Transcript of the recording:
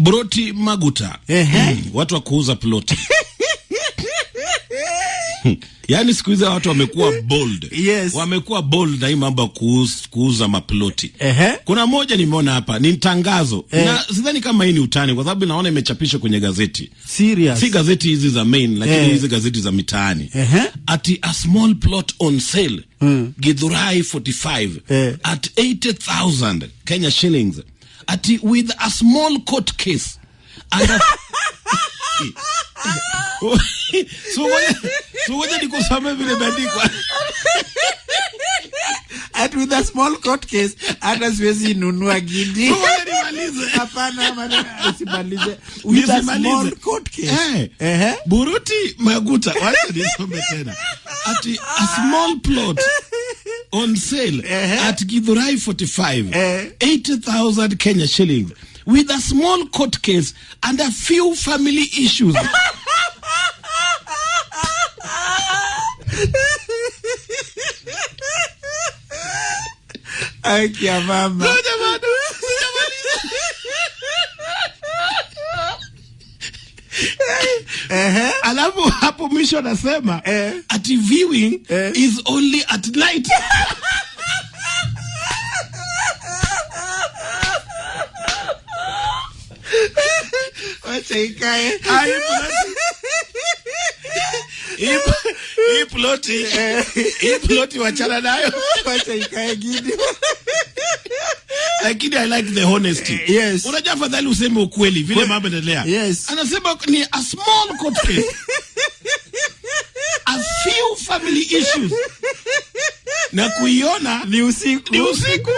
Broti Maguta. Mm, watu wa kuuza ploti Yaani siku hizi watu wamekuwa bold. Yes. Wamekuwa bold na hii mambo kuuza, kuuza maploti. Uh Kuna moja nimeona hapa ni tangazo. Uh Na sidhani kama hii ni utani kwa sababu naona imechapishwa kwenye gazeti. Serious. Si gazeti hizi za main lakini uh eh. -huh. hizi gazeti za mitaani. Uh -huh. Ati a small plot on sale. Mm. Githurai 45 uh eh. at 80,000 Kenya shillings ati with a small court case and a... sugoja nikusome vile imeandikwa at with a small court case hata siwezi inunua gidi hapana usimalize with a small court case eh. buruti maguta wacha nisome tena ati a small plot on sale uh-huh. at Githurai 45, uh-huh. 80,000 Kenya shillings, with a small court case and a few family issues. you, mama. alafu hapo mwisho anasema eh, ati viewing eh, is only at night wacha ikae ah, hii ploti eh. wachana nayo wacha ikae gidi lakini I like the honesty. Eh, yes. Unajua afadhali useme ukweli vile mambo yanaendelea. Yes. Anasema ni a small court case. a few family issues. Na kuiona ni usiku. Ni usiku.